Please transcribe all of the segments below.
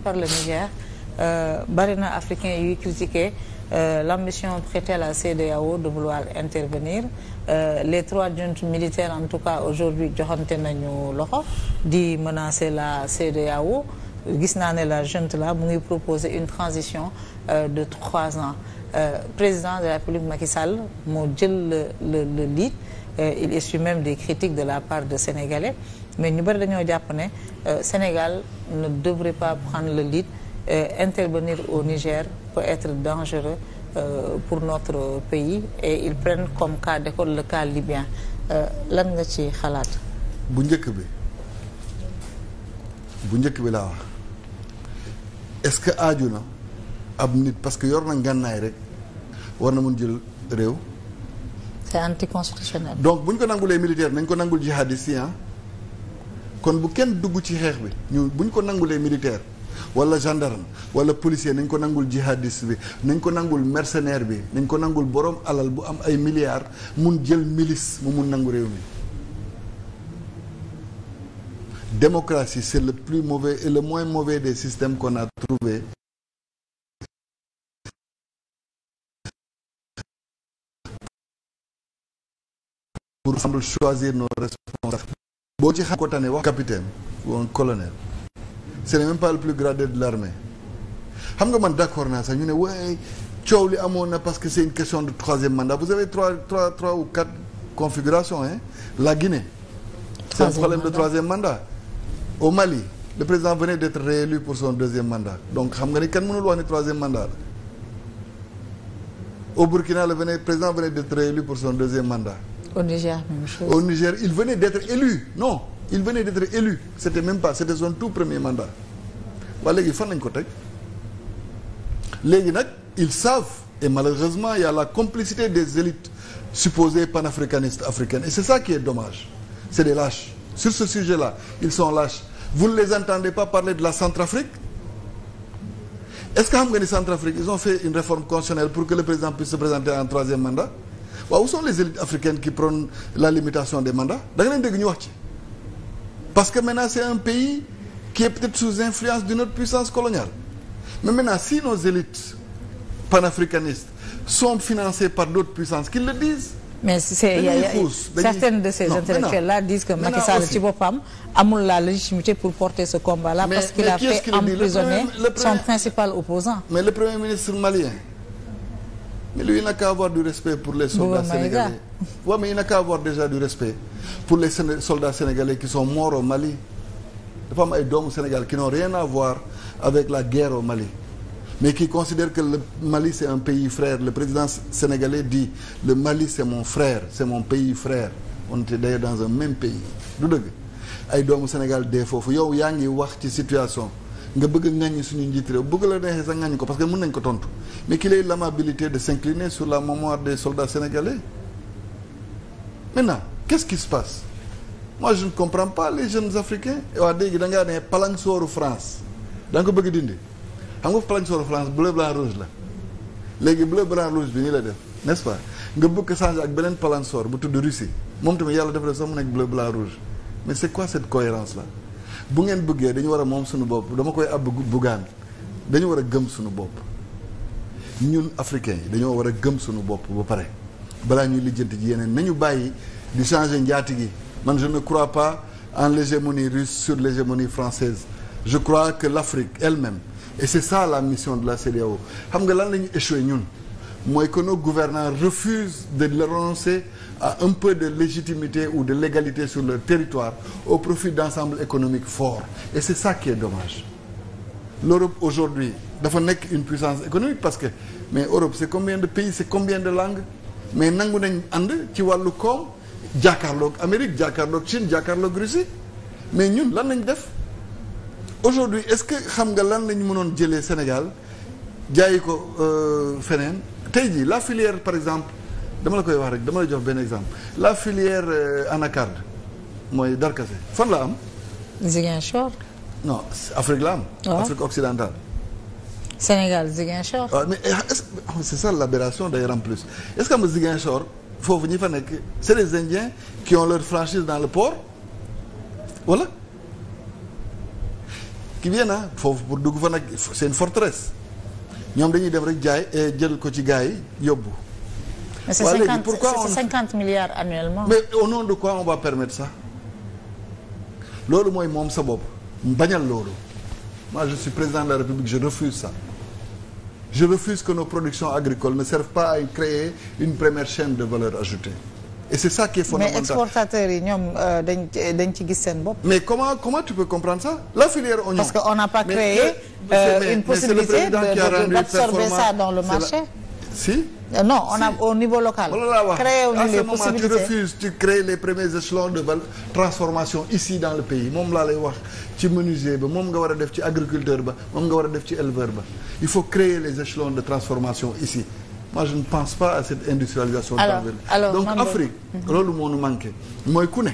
par le Niger euh, bari na africain yuy critiquer euh, l'ambition prêtée à la CEDEAO de vouloir intervenir euh, les trois juntes militaires en tout cas aujourd'hui joxante nañu loxo di menacer la CEDEAO gis naa ne la junte la mu ngi proposer une transition de trois ans président de la République Macky Sall moo jël le le le Euh, il essuie même des critiques de la part de Sénégalais mais ñu bëri dañoo jàpp ne euh, Sénégal ne devrait pas prendre la lead euh, intervenir au Niger peut être dangereux pour notre pays et ils prennent comme cas d'école le cas libyen lan nga ci xalaat bu njëkk bi bu njëkk bi laa wax est-ce que aaju na ab nit parce que yor na ngànnaay rek war na mun jël réew c'est anticonstitutionnel. donc bu ñu ko nangulee militaire nañ ko nangul jihadiste yi ah. kon bu kenn dugg ci xeex bi ñu bu ñu ko nangulee militaire wala gendarme wala policier nañ ko nangul jihadiste bi nañ ko nangul mercenaire bi nañ ko nangul borom alal bu am ay milliards mun jël milice mu mun nangu réew mi démocratie c'est le plus mauvais et le moins mauvais des systèmes qu'on a pour ensemble choisir nos boo ci xam ko tane wax capitaine ou un colonel ce n'est même pas le plus gradé de l'armée xam nga man d'accord naa sax ñu ne waaye coow li amoon na parce que c'est une question de troisième mandat vous avez trois trois trois ou quatre configurations hein la Guinée c'est un problème de troisième mandat au Mali le président venait d'être réélu pour son deuxième mandat donc xam nga ni kenn mënul wax ni troisième mandat la au Burkina le venait président venait d'être réélu pour son deuxième mandat Au Niger, même chose. Au Niger, il venait d'être élu. Non, il venait d'être élu. C'était même pas, c'était son tout premier mandat. waa léegi fan lañ ko teg léegi nag ils savent et malheureusement il y a la complicité des élites supposées panafricanistes africaines et c'est ça qui est dommage c'est des lâches sur ce sujet-là ils sont lâches vous ne les entendez pas parler de la Centrafrique est-ce que xam nga Centrafrique ils ont fait une réforme constitutionnelle waaw où sont les élites africaines qui prônent la limitation des mandats da nga leen ñu wax ci parce que maintenant c'est un pays qui est peut-être sous influence d'une autre puissance coloniale mais maintenant si nos élites panafricanistes sont financées par d'autres puissances qu'ils le disent mais c'est y a, y a, certaines de ces intellectuels là disent que Macky Sall ci boppam la légitimité pour porter ce combat là parce qu'il a fait emprisonner son principal opposant le premier mais lui il n'a avoir du respect pour les soldats sénégalais waaw mais il n'a qu'à avoir déjà du respect pour les soldats sénégalais qui sont morts au Mali dafa am ay doomu Sénégal qui n'ont rien à voir avec la guerre au Mali mais qui considèrent que le Mali c'est un pays frère le président sénégalais di le Mali c'est mon frère c'est mon pays frère on était d'ailleurs dans un même pays du dëgg ay doomu Sénégal dee foofu yow yaa ngi wax ci situation nga bëgg a ŋàññi suñu njiit réew bëgg la neexee sax ŋàññi ko parce que mën nañ ko tontu mais qu'il ait l'amabilité de s'incliner sur la mémoire des soldats sénégalais maintenant qu'est-ce qui se passe moi je comprends pas les jeunes africains waa léegi da ngaa ne palansooru France da ko bëgg dindi xam nga palansooru France bleu blanc rouge la léegi bleu blanc rouge bi nii la def n'est-ce pas nga bëgg changer ak beneen palansoor bu tudd Russie moom tamit yàlla def la sax mu nekk bleu blanc rouge bu ngeen bëggee dañu war a moom suñu bopp dama koy àbb bugaan dañu war a gëm suñu bopp ñun africains yi dañoo war a gëm suñu bopp ba pare balaa ñuy lijjanti ji yeneen nañu bàyyi di changer njaati gi man je ne crois pas en l'hégémonie russe sur l'hégémonie française je crois que l'Afrique elle-même et c'est ça la mission de la CEDEAO xam nga lan la ñu échoué ñun mooy que nos gouvernants refusent de renoncer à un peu de légitimité ou de légalité sur leur territoire au profit d'ensembles économiques forts et c'est ça qui est dommage l'Europe aujourd'hui dafa nekk une puissance économique parce que mais Europe c'est combien de pays c'est combien de langues mais nangu nañ ànd ci wàllu koom jàkkaarloog Amérique jàkkaarloog Chine jàkkaarloog Russie mais ñun lan lañ def aujourd'hui est-ce que xam nga lan lañ mënoon jëlee Sénégal jaayi ko euh, feneen tey jii la filière par exemple dama la koy wax rek dama la jox benn exemple la filière euh, anacarde mooy Darkase fan la am. Ziguinchor. non Afrique la am. Ah. Afrique occidentale. Sénégal Ziguinchor. waaw ah, eh, ah, mais c'est ça l'aberration d'ailleurs en plus est ce que am Ziguinchor foofu ñi fa nekk c'est les Indiens qui ont leur franchise dans le port voilà. ki bien ah foofu pour dugg fa nag c'est une forteresse. ñoom dañuy dem rek jaay eh, jël ko ci gars yi yóbbu. mais c'est cinquante pourquoi on cinquante milliards annuellement. mais au nom de quoi on va permettre ça loolu mooy moom sa bopp bañal loolu moi je suis président de la République je refuse ça. Je refuse que nos productions agricole ne servent pas à créer une première chaîne de valeur ajoutée. et c'est ça qui est fondamental mais exportateurs yi ñoom euh, dañ dañ ci gis seen bopp. mais comment comment tu peux comprendre ça la filière oignon. parce que on n'a pas créé euh, une possibilité de d'absorber ça dans le marché. si. Euh, non on si. au niveau local. créé wu ñu les possibilités à ce moment tu refuses tu crées les premiers échelons de transformation ici dans le pays moom laa lay wax ci menuisier ba moom nga war a def ci agriculteur ba moom nga war a def ci éleveur ba il faut créer les échelons de transformation ici. moi je ne pense pas à cette industrialisation d'envergure donc Afrique mhm. loolu moo nu manqué mooy ku ne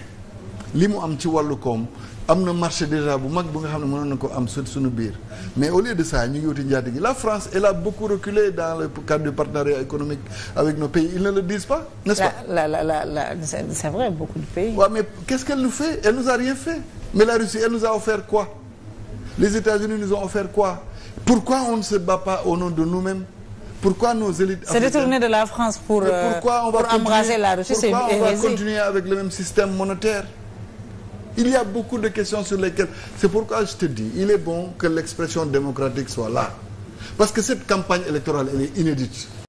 li mu am ci wàllu koom am na marché déjà bu mag bu nga xam ne mënoon na ko am su suñu biir mais au lieu de ça ñu ngi wuti njaati gi la France elle a beaucoup dans le cadre du partenariat économique avec nos pays ils le disent pas nest la la la la c'est vrai beaucoup de pays waaw ouais, mais qu'est-ce qu'elle nous fait elle nous a rien la Russie elle nous a offert quoi les états de nous-mêmes Pourquoi nos élites africaines de la France pour, euh, pourquoi on va pour embraser la Russie, c'est Pourquoi continuer avec le même système monétaire Il y a beaucoup de questions sur lesquelles... C'est pourquoi je te dis, il est bon que l'expression démocratique soit là. Parce que cette campagne électorale, elle est inédite.